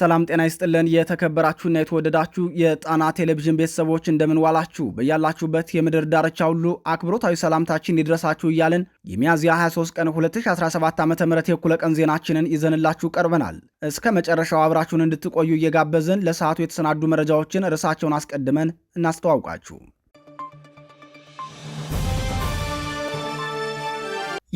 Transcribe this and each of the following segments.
ሰላም ጤና ይስጥልን። የተከበራችሁና የተወደዳችሁ የጣና ቴሌቪዥን ቤተሰቦች እንደምንዋላችሁ፣ በያላችሁበት የምድር ዳርቻ ሁሉ አክብሮታዊ ሰላምታችን ይድረሳችሁ እያልን የሚያዝያ 23 ቀን 2017 ዓ ም የእኩለ ቀን ዜናችንን ይዘንላችሁ ቀርበናል። እስከ መጨረሻው አብራችሁን እንድትቆዩ እየጋበዝን ለሰዓቱ የተሰናዱ መረጃዎችን ርዕሳቸውን አስቀድመን እናስተዋውቃችሁ።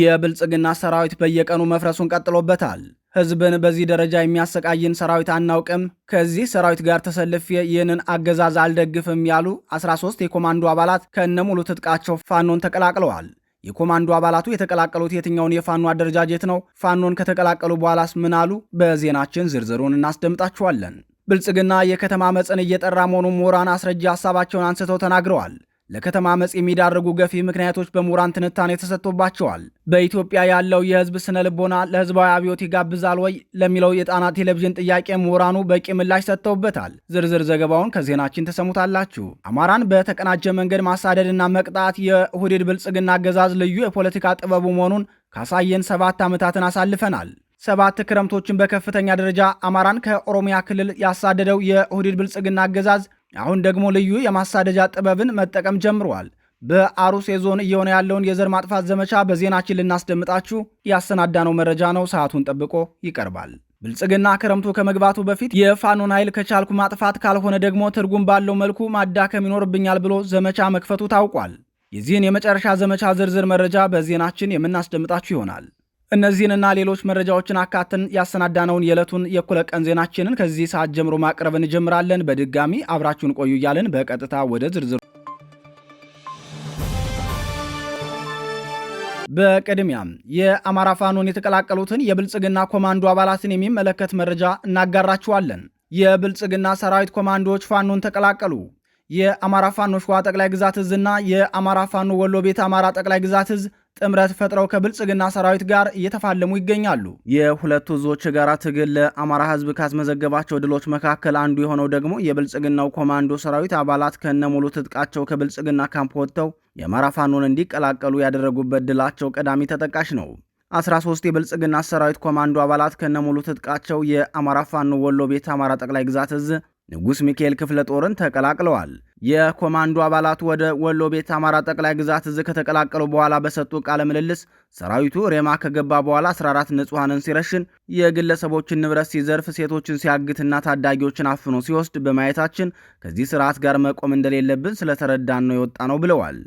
የብልጽግና ሰራዊት በየቀኑ መፍረሱን ቀጥሎበታል። ህዝብን በዚህ ደረጃ የሚያሰቃይን ሰራዊት አናውቅም፣ ከዚህ ሰራዊት ጋር ተሰልፌ ይህንን አገዛዝ አልደግፍም ያሉ 13 የኮማንዶ አባላት ከነሙሉ ትጥቃቸው ፋኖን ተቀላቅለዋል። የኮማንዶ አባላቱ የተቀላቀሉት የትኛውን የፋኖ አደረጃጀት ነው? ፋኖን ከተቀላቀሉ በኋላስ ምን አሉ? በዜናችን ዝርዝሩን እናስደምጣችኋለን። ብልጽግና የከተማ መፀን እየጠራ መሆኑን ምሁራን አስረጃ ሀሳባቸውን አንስተው ተናግረዋል። ለከተማ አመፅ የሚዳርጉ ገፊ ምክንያቶች በምሁራን ትንታኔ ተሰጥቶባቸዋል። በኢትዮጵያ ያለው የህዝብ ስነ ልቦና ለህዝባዊ አብዮት ይጋብዛል ወይ ለሚለው የጣና ቴሌቪዥን ጥያቄ ምሁራኑ በቂ ምላሽ ሰጥተውበታል። ዝርዝር ዘገባውን ከዜናችን ተሰሙታላችሁ። አማራን በተቀናጀ መንገድ ማሳደድና መቅጣት የሁዲድ ብልጽግና አገዛዝ ልዩ የፖለቲካ ጥበቡ መሆኑን ካሳየን ሰባት ዓመታትን አሳልፈናል። ሰባት ክረምቶችን በከፍተኛ ደረጃ አማራን ከኦሮሚያ ክልል ያሳደደው የሁዲድ ብልጽግና አገዛዝ አሁን ደግሞ ልዩ የማሳደጃ ጥበብን መጠቀም ጀምረዋል። በአሩሴ ዞን እየሆነ ያለውን የዘር ማጥፋት ዘመቻ በዜናችን ልናስደምጣችሁ ያሰናዳነው መረጃ ነው። ሰዓቱን ጠብቆ ይቀርባል። ብልጽግና ክረምቱ ከመግባቱ በፊት የፋኖን ኃይል ከቻልኩ ማጥፋት፣ ካልሆነ ደግሞ ትርጉም ባለው መልኩ ማዳከም ይኖርብኛል ብሎ ዘመቻ መክፈቱ ታውቋል። የዚህን የመጨረሻ ዘመቻ ዝርዝር መረጃ በዜናችን የምናስደምጣችሁ ይሆናል። እነዚህንና ሌሎች መረጃዎችን አካተን ያሰናዳነውን የዕለቱን የእኩለ ቀን ዜናችንን ከዚህ ሰዓት ጀምሮ ማቅረብ እንጀምራለን። በድጋሚ አብራችሁን ቆዩ እያልን በቀጥታ ወደ ዝርዝሩ በቅድሚያም የአማራ ፋኖን የተቀላቀሉትን የብልጽግና ኮማንዶ አባላትን የሚመለከት መረጃ እናጋራችኋለን። የብልጽግና ሰራዊት ኮማንዶዎች ፋኖን ተቀላቀሉ። የአማራ ፋኖ ሸዋ ጠቅላይ ግዛት እዝና የአማራ ፋኖ ወሎ ቤት አማራ ጠቅላይ ግዛት እዝ ጥምረት ፈጥረው ከብልጽግና ሰራዊት ጋር እየተፋለሙ ይገኛሉ። የሁለቱ ዞች የጋራ ትግል ለአማራ ህዝብ ካስመዘገባቸው ድሎች መካከል አንዱ የሆነው ደግሞ የብልጽግናው ኮማንዶ ሰራዊት አባላት ከነሙሉ ትጥቃቸው ከብልጽግና ካምፕ ወጥተው የአማራ ፋኖን እንዲቀላቀሉ ያደረጉበት ድላቸው ቀዳሚ ተጠቃሽ ነው። 13 የብልጽግና ሰራዊት ኮማንዶ አባላት ከነሙሉ ትጥቃቸው የአማራ ፋኖ ወሎ ቤት አማራ ጠቅላይ ግዛት እዝ ንጉሥ ሚካኤል ክፍለ ጦርን ተቀላቅለዋል። የኮማንዶ አባላት ወደ ወሎ ቤት አማራ ጠቅላይ ግዛት እዝ ከተቀላቀሉ በኋላ በሰጡ ቃለ ምልልስ ሰራዊቱ ሬማ ከገባ በኋላ 14 ንጹሐንን ሲረሽን፣ የግለሰቦችን ንብረት ሲዘርፍ፣ ሴቶችን ሲያግትና ታዳጊዎችን አፍኖ ሲወስድ በማየታችን ከዚህ ስርዓት ጋር መቆም እንደሌለብን ስለተረዳን ነው የወጣ ነው ብለዋል።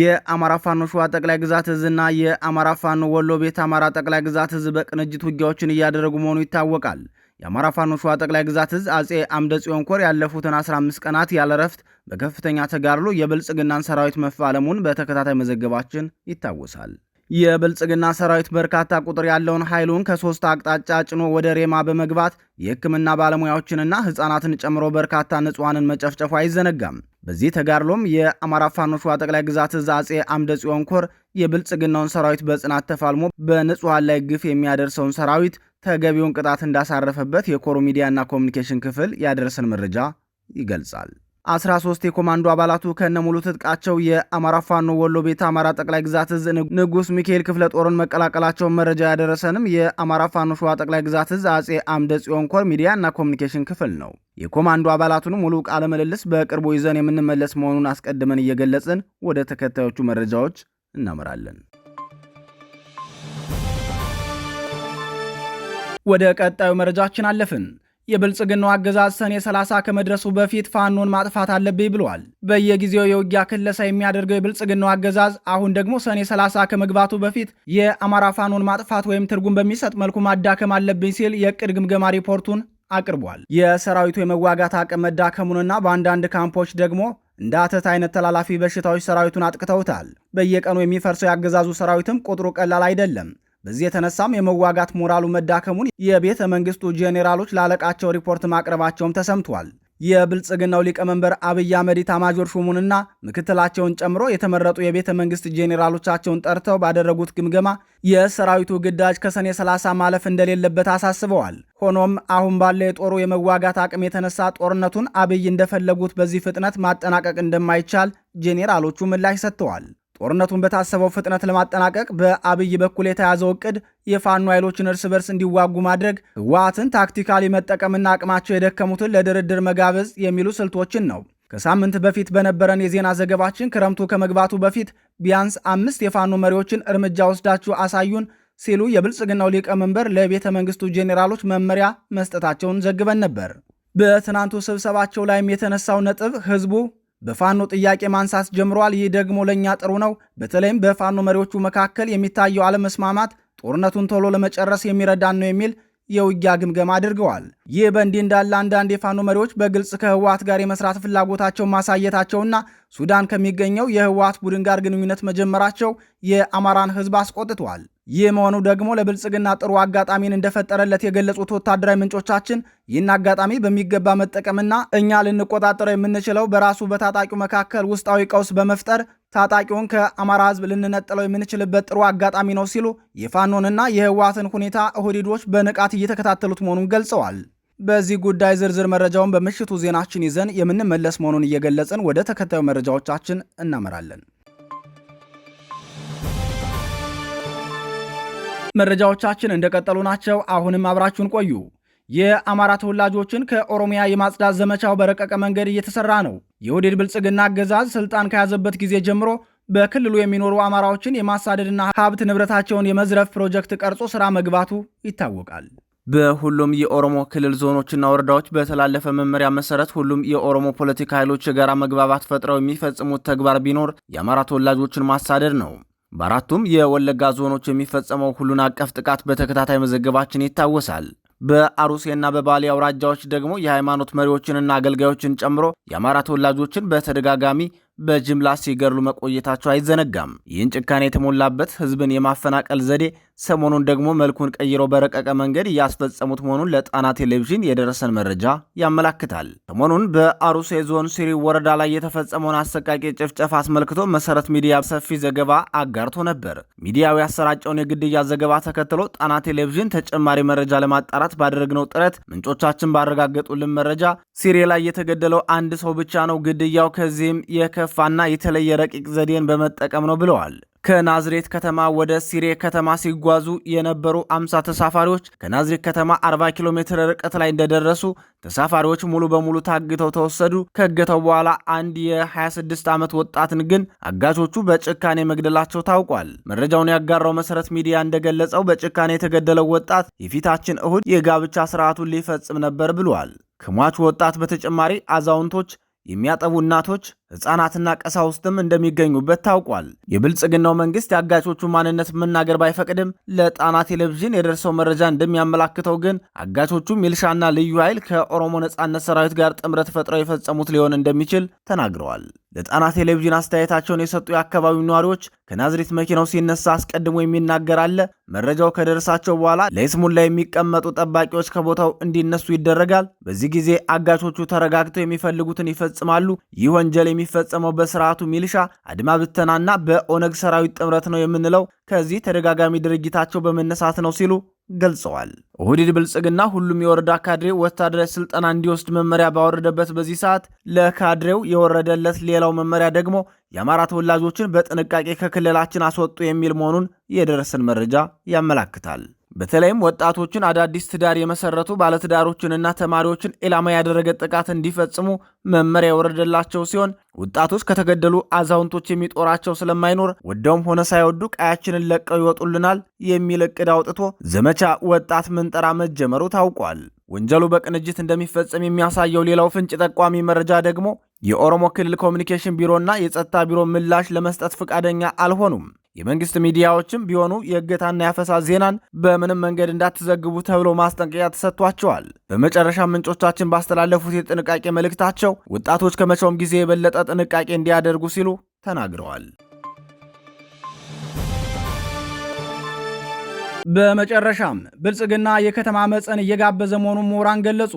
የአማራ ፋኖ ሸዋ ጠቅላይ ግዛት እዝና የአማራ ፋኖ ወሎ ቤት አማራ ጠቅላይ ግዛት እዝ በቅንጅት ውጊያዎችን እያደረጉ መሆኑ ይታወቃል። የአማራ ፋኖ ሸዋ ጠቅላይ ግዛት እዝ አጼ አምደ ጽዮን ኮር ያለፉትን 15 ቀናት ረፍት በከፍተኛ ተጋድሎ የብልጽግናን ሰራዊት መፋለሙን በተከታታይ መዘገባችን ይታወሳል። የብልጽግና ሰራዊት በርካታ ቁጥር ያለውን ኃይሉን ከሶስት አቅጣጫ ጭኖ ወደ ሬማ በመግባት የሕክምና ባለሙያዎችንና ሕፃናትን ጨምሮ በርካታ ንጹሐንን መጨፍጨፉ አይዘነጋም። በዚህ ተጋድሎም የአማራ ፋኖ ሸዋ ጠቅላይ ግዛት እዝ አጼ አምደ ጽዮን ኮር የብልጽግናውን ሰራዊት በጽናት ተፋልሞ በንጹሐን ላይ ግፍ የሚያደርሰውን ሰራዊት ተገቢውን ቅጣት እንዳሳረፈበት የኮሮ ሚዲያና ኮሚኒኬሽን ክፍል ያደረሰን መረጃ ይገልጻል። 13 የኮማንዶ አባላቱ ከነሙሉ ትጥቃቸው የአማራ ፋኖ ወሎ ቤት አማራ ጠቅላይ ግዛት እዝ ንጉስ ሚካኤል ክፍለ ጦርን መቀላቀላቸውን መረጃ ያደረሰንም የአማራ ፋኖ ሸዋ ጠቅላይ ግዛት እዝ አጼ አምደ ጽዮን ኮር ሚዲያ እና ኮሚኒኬሽን ክፍል ነው። የኮማንዶ አባላቱን ሙሉ ቃለ ምልልስ በቅርቡ ይዘን የምንመለስ መሆኑን አስቀድመን እየገለጽን ወደ ተከታዮቹ መረጃዎች እናመራለን። ወደ ቀጣዩ መረጃችን አለፍን። የብልጽግናው አገዛዝ ሰኔ 30 ከመድረሱ በፊት ፋኖን ማጥፋት አለብኝ ብሏል። በየጊዜው የውጊያ ክለሳ የሚያደርገው የብልጽግናው አገዛዝ አሁን ደግሞ ሰኔ 30 ከመግባቱ በፊት የአማራ ፋኖን ማጥፋት ወይም ትርጉም በሚሰጥ መልኩ ማዳከም አለብኝ ሲል የቅድ ግምገማ ሪፖርቱን አቅርቧል። የሰራዊቱ የመዋጋት አቅም መዳከሙንና በአንዳንድ ካምፖች ደግሞ እንደ አተት አይነት ተላላፊ በሽታዎች ሰራዊቱን አጥቅተውታል። በየቀኑ የሚፈርሰው የአገዛዙ ሰራዊትም ቁጥሩ ቀላል አይደለም። በዚህ የተነሳም የመዋጋት ሞራሉ መዳከሙን የቤተ መንግስቱ ጄኔራሎች ላለቃቸው ሪፖርት ማቅረባቸውም ተሰምቷል። የብልጽግናው ሊቀመንበር አብይ አህመድ ኢታማዦር ሹሙንና ምክትላቸውን ጨምሮ የተመረጡ የቤተ መንግስት ጄኔራሎቻቸውን ጠርተው ባደረጉት ግምገማ የሰራዊቱ ግዳጅ ከሰኔ 30 ማለፍ እንደሌለበት አሳስበዋል። ሆኖም አሁን ባለ የጦሩ የመዋጋት አቅም የተነሳ ጦርነቱን አብይ እንደፈለጉት በዚህ ፍጥነት ማጠናቀቅ እንደማይቻል ጄኔራሎቹ ምላሽ ሰጥተዋል። ጦርነቱን በታሰበው ፍጥነት ለማጠናቀቅ በአብይ በኩል የተያዘው እቅድ የፋኖ ኃይሎችን እርስ በርስ እንዲዋጉ ማድረግ፣ ህወሓትን ታክቲካሊ መጠቀምና አቅማቸው የደከሙትን ለድርድር መጋበዝ የሚሉ ስልቶችን ነው። ከሳምንት በፊት በነበረን የዜና ዘገባችን ክረምቱ ከመግባቱ በፊት ቢያንስ አምስት የፋኖ መሪዎችን እርምጃ ወስዳችሁ አሳዩን ሲሉ የብልጽግናው ሊቀመንበር ለቤተ መንግስቱ ጄኔራሎች መመሪያ መስጠታቸውን ዘግበን ነበር። በትናንቱ ስብሰባቸው ላይም የተነሳው ነጥብ ህዝቡ በፋኖ ጥያቄ ማንሳት ጀምሯል። ይህ ደግሞ ለእኛ ጥሩ ነው። በተለይም በፋኖ መሪዎቹ መካከል የሚታየው አለመስማማት ጦርነቱን ቶሎ ለመጨረስ የሚረዳን ነው የሚል የውጊያ ግምገማ አድርገዋል። ይህ በእንዲህ እንዳለ አንዳንድ የፋኖ መሪዎች በግልጽ ከህወሓት ጋር የመስራት ፍላጎታቸውን ማሳየታቸውና ሱዳን ከሚገኘው የህወሓት ቡድን ጋር ግንኙነት መጀመራቸው የአማራን ህዝብ አስቆጥቷል። ይህ መሆኑ ደግሞ ለብልጽግና ጥሩ አጋጣሚን እንደፈጠረለት የገለጹት ወታደራዊ ምንጮቻችን ይህን አጋጣሚ በሚገባ መጠቀምና እኛ ልንቆጣጠረው የምንችለው በራሱ በታጣቂው መካከል ውስጣዊ ቀውስ በመፍጠር ታጣቂውን ከአማራ ህዝብ ልንነጥለው የምንችልበት ጥሩ አጋጣሚ ነው ሲሉ የፋኖንና የህወሓትን ሁኔታ ኦህዴዶች በንቃት እየተከታተሉት መሆኑን ገልጸዋል። በዚህ ጉዳይ ዝርዝር መረጃውን በምሽቱ ዜናችን ይዘን የምንመለስ መሆኑን እየገለጽን ወደ ተከታዩ መረጃዎቻችን እናመራለን። መረጃዎቻችን እንደቀጠሉ ናቸው። አሁንም አብራችሁን ቆዩ። የአማራ ተወላጆችን ከኦሮሚያ የማጽዳት ዘመቻው በረቀቀ መንገድ እየተሰራ ነው። የኦህዴድ ብልጽግና አገዛዝ ስልጣን ከያዘበት ጊዜ ጀምሮ በክልሉ የሚኖሩ አማራዎችን የማሳደድና ሀብት ንብረታቸውን የመዝረፍ ፕሮጀክት ቀርጾ ስራ መግባቱ ይታወቃል። በሁሉም የኦሮሞ ክልል ዞኖችና ወረዳዎች በተላለፈ መመሪያ መሰረት ሁሉም የኦሮሞ ፖለቲካ ኃይሎች የጋራ መግባባት ፈጥረው የሚፈጽሙት ተግባር ቢኖር የአማራ ተወላጆችን ማሳደድ ነው። በአራቱም የወለጋ ዞኖች የሚፈጸመው ሁሉን አቀፍ ጥቃት በተከታታይ መዘገባችን ይታወሳል። በአሩሴና በባሌ አውራጃዎች ደግሞ የሃይማኖት መሪዎችንና አገልጋዮችን ጨምሮ የአማራ ተወላጆችን በተደጋጋሚ በጅምላ ሲገድሉ መቆየታቸው አይዘነጋም። ይህን ጭካኔ የተሞላበት ህዝብን የማፈናቀል ዘዴ ሰሞኑን ደግሞ መልኩን ቀይሮ በረቀቀ መንገድ እያስፈጸሙት መሆኑን ለጣና ቴሌቪዥን የደረሰን መረጃ ያመላክታል። ሰሞኑን በአሩሴ ዞን ሲሪ ወረዳ ላይ የተፈጸመውን አሰቃቂ ጭፍጨፍ አስመልክቶ መሰረት ሚዲያ ሰፊ ዘገባ አጋርቶ ነበር። ሚዲያው ያሰራጨውን የግድያ ዘገባ ተከትሎ ጣና ቴሌቪዥን ተጨማሪ መረጃ ለማጣራት ባደረግነው ጥረት ምንጮቻችን ባረጋገጡልን መረጃ ሲሪ ላይ የተገደለው አንድ ሰው ብቻ ነው። ግድያው ከዚህም የከፋና የተለየ ረቂቅ ዘዴን በመጠቀም ነው ብለዋል። ከናዝሬት ከተማ ወደ ሲሬ ከተማ ሲጓዙ የነበሩ አምሳ ተሳፋሪዎች ከናዝሬት ከተማ 40 ኪሎ ሜትር ርቀት ላይ እንደደረሱ ተሳፋሪዎች ሙሉ በሙሉ ታግተው ተወሰዱ። ከእገተው በኋላ አንድ የ26 ዓመት ወጣትን ግን አጋቾቹ በጭካኔ መግደላቸው ታውቋል። መረጃውን ያጋራው መሰረት ሚዲያ እንደገለጸው በጭካኔ የተገደለው ወጣት የፊታችን እሁድ የጋብቻ ስርዓቱን ሊፈጽም ነበር ብሏል። ከሟቹ ወጣት በተጨማሪ አዛውንቶች፣ የሚያጠቡ እናቶች ሕፃናትና ቀሳውስትም እንደሚገኙበት ታውቋል። የብልጽግናው መንግስት የአጋቾቹ ማንነት መናገር ባይፈቅድም ለጣና ቴሌቪዥን የደርሰው መረጃ እንደሚያመላክተው ግን አጋቾቹ ሚልሻና ልዩ ኃይል ከኦሮሞ ነጻነት ሰራዊት ጋር ጥምረት ፈጥረው የፈጸሙት ሊሆን እንደሚችል ተናግረዋል። ለጣና ቴሌቪዥን አስተያየታቸውን የሰጡ የአካባቢው ነዋሪዎች ከናዝሬት መኪናው ሲነሳ አስቀድሞ የሚናገር አለ። መረጃው ከደረሳቸው በኋላ ለይስሙላ የሚቀመጡ ጠባቂዎች ከቦታው እንዲነሱ ይደረጋል። በዚህ ጊዜ አጋቾቹ ተረጋግተው የሚፈልጉትን ይፈጽማሉ። ይህ ወንጀል የሚ የሚፈጸመው በስርዓቱ ሚሊሻ አድማ ብተናና በኦነግ ሰራዊት ጥምረት ነው የምንለው ከዚህ ተደጋጋሚ ድርጊታቸው በመነሳት ነው ሲሉ ገልጸዋል። ኦህዴድ ብልጽግና ሁሉም የወረዳ ካድሬ ወታደራዊ ስልጠና እንዲወስድ መመሪያ ባወረደበት በዚህ ሰዓት ለካድሬው የወረደለት ሌላው መመሪያ ደግሞ የአማራ ተወላጆችን በጥንቃቄ ከክልላችን አስወጡ የሚል መሆኑን የደረሰን መረጃ ያመላክታል። በተለይም ወጣቶችን አዳዲስ ትዳር የመሰረቱ ባለትዳሮችንና ተማሪዎችን ኢላማ ያደረገ ጥቃት እንዲፈጽሙ መመሪያ የወረደላቸው ሲሆን ወጣቶች ከተገደሉ አዛውንቶች የሚጦራቸው ስለማይኖር ወደውም ሆነ ሳይወዱ ቀያችንን ለቀው ይወጡልናል የሚል እቅድ አውጥቶ ዘመቻ ወጣት ምንጠራ መጀመሩ ታውቋል። ወንጀሉ በቅንጅት እንደሚፈጸም የሚያሳየው ሌላው ፍንጭ ጠቋሚ መረጃ ደግሞ የኦሮሞ ክልል ኮሚኒኬሽን ቢሮና የጸጥታ ቢሮ ምላሽ ለመስጠት ፈቃደኛ አልሆኑም። የመንግስት ሚዲያዎችም ቢሆኑ የእገታና ያፈሳ ዜናን በምንም መንገድ እንዳትዘግቡ ተብሎ ማስጠንቀቂያ ተሰጥቷቸዋል። በመጨረሻ ምንጮቻችን ባስተላለፉት የጥንቃቄ መልእክታቸው ወጣቶች ከመቼውም ጊዜ የበለጠ ጥንቃቄ እንዲያደርጉ ሲሉ ተናግረዋል። በመጨረሻም ብልጽግና የከተማ መፀን እየጋበዘ መሆኑን ምሁራን ገለጹ።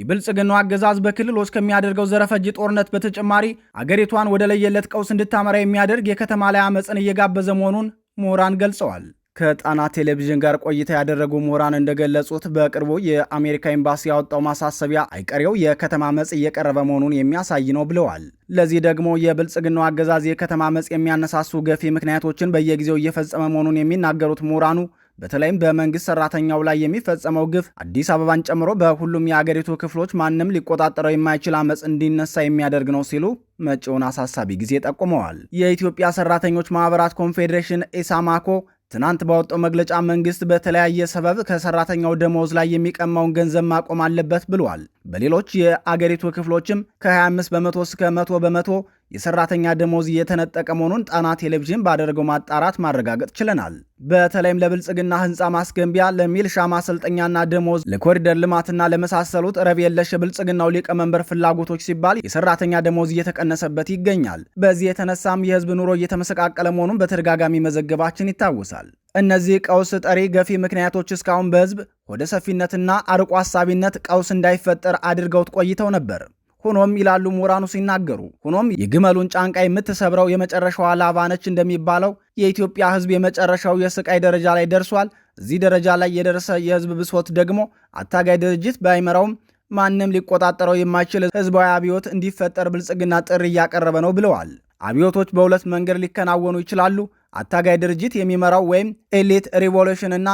የብልጽግናው አገዛዝ ውስጥ ከሚያደርገው ዘረፈጅ ጦርነት በተጨማሪ አገሪቷን ወደ ለየለት ቀውስ እንድታመራ የሚያደርግ የከተማ ላይ አመፅን እየጋበዘ መሆኑን ምሁራን ገልጸዋል። ከጣና ቴሌቪዥን ጋር ቆይታ ያደረጉ ምሁራን እንደገለጹት በቅርቡ የአሜሪካ ኤምባሲ ያወጣው ማሳሰቢያ አይቀሬው የከተማ መጽ እየቀረበ መሆኑን የሚያሳይ ነው ብለዋል። ለዚህ ደግሞ የብልጽግናው አገዛዝ የከተማ መጽ የሚያነሳሱ ገፊ ምክንያቶችን በየጊዜው እየፈጸመ መሆኑን የሚናገሩት ምሁራኑ በተለይም በመንግስት ሰራተኛው ላይ የሚፈጸመው ግፍ አዲስ አበባን ጨምሮ በሁሉም የአገሪቱ ክፍሎች ማንም ሊቆጣጠረው የማይችል አመፅ እንዲነሳ የሚያደርግ ነው ሲሉ መጪውን አሳሳቢ ጊዜ ጠቁመዋል። የኢትዮጵያ ሰራተኞች ማህበራት ኮንፌዴሬሽን ኢሳማኮ ትናንት ባወጣው መግለጫ መንግስት በተለያየ ሰበብ ከሰራተኛው ደሞዝ ላይ የሚቀማውን ገንዘብ ማቆም አለበት ብሏል። በሌሎች የአገሪቱ ክፍሎችም ከ25 በመቶ እስከ መቶ በመቶ የሰራተኛ ደሞዝ እየተነጠቀ መሆኑን ጣና ቴሌቪዥን ባደረገው ማጣራት ማረጋገጥ ችለናል። በተለይም ለብልጽግና ህንፃ ማስገንቢያ፣ ለሚልሻ ማሰልጠኛና ደሞዝ፣ ለኮሪደር ልማትና ለመሳሰሉት ረብ የለሽ የብልጽግናው ሊቀመንበር ፍላጎቶች ሲባል የሰራተኛ ደሞዝ እየተቀነሰበት ይገኛል። በዚህ የተነሳም የህዝብ ኑሮ እየተመሰቃቀለ መሆኑን በተደጋጋሚ መዘገባችን ይታወሳል። እነዚህ ቀውስ ጠሪ ገፊ ምክንያቶች እስካሁን በህዝብ ወደ ሰፊነትና አርቆ ሀሳቢነት ቀውስ እንዳይፈጠር አድርገውት ቆይተው ነበር። ሆኖም ይላሉ ምሁራኑ ሲናገሩ፣ ሆኖም የግመሉን ጫንቃ የምትሰብረው የመጨረሻዋ ላባ ነች እንደሚባለው የኢትዮጵያ ሕዝብ የመጨረሻው የስቃይ ደረጃ ላይ ደርሷል። እዚህ ደረጃ ላይ የደረሰ የሕዝብ ብሶት ደግሞ አታጋይ ድርጅት ባይመራውም ማንም ሊቆጣጠረው የማይችል ሕዝባዊ አብዮት እንዲፈጠር ብልጽግና ጥሪ እያቀረበ ነው ብለዋል። አብዮቶች በሁለት መንገድ ሊከናወኑ ይችላሉ። አታጋይ ድርጅት የሚመራው ወይም ኤሊት ሪቮሉሽን እና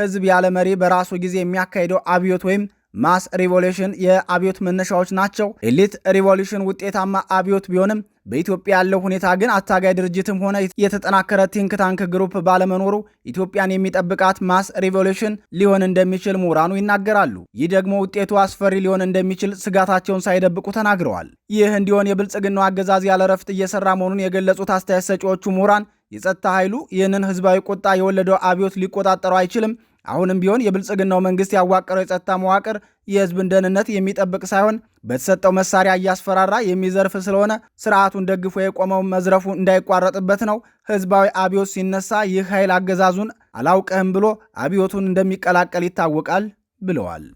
ሕዝብ ያለ መሪ በራሱ ጊዜ የሚያካሂደው አብዮት ወይም ማስ ሪቮሉሽን የአብዮት መነሻዎች ናቸው። ኤሊት ሪቮሉሽን ውጤታማ አብዮት ቢሆንም በኢትዮጵያ ያለው ሁኔታ ግን አታጋይ ድርጅትም ሆነ የተጠናከረ ቲንክ ታንክ ግሩፕ ባለመኖሩ ኢትዮጵያን የሚጠብቃት ማስ ሪቮሉሽን ሊሆን እንደሚችል ምሁራኑ ይናገራሉ። ይህ ደግሞ ውጤቱ አስፈሪ ሊሆን እንደሚችል ስጋታቸውን ሳይደብቁ ተናግረዋል። ይህ እንዲሆን የብልጽግናው አገዛዝ ያለ ረፍት እየሰራ መሆኑን የገለጹት አስተያየት ሰጪዎቹ ምሁራን የጸጥታ ኃይሉ ይህንን ህዝባዊ ቁጣ የወለደው አብዮት ሊቆጣጠረው አይችልም አሁንም ቢሆን የብልጽግናው መንግስት ያዋቀረው የጸጥታ መዋቅር የህዝብን ደህንነት የሚጠብቅ ሳይሆን በተሰጠው መሳሪያ እያስፈራራ የሚዘርፍ ስለሆነ ስርዓቱን ደግፎ የቆመው መዝረፉ እንዳይቋረጥበት ነው። ህዝባዊ አብዮት ሲነሳ ይህ ኃይል አገዛዙን አላውቅህም ብሎ አብዮቱን እንደሚቀላቀል ይታወቃል ብለዋል።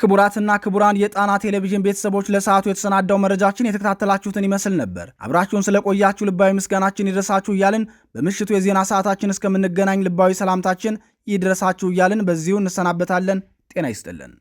ክቡራትና ክቡራን የጣና ቴሌቪዥን ቤተሰቦች ለሰዓቱ የተሰናዳው መረጃችን የተከታተላችሁትን ይመስል ነበር። አብራችሁን ስለቆያችሁ ልባዊ ምስጋናችን ይድረሳችሁ እያልን በምሽቱ የዜና ሰዓታችን እስከምንገናኝ ልባዊ ሰላምታችን ይድረሳችሁ እያልን በዚሁ እንሰናበታለን። ጤና ይስጥልን።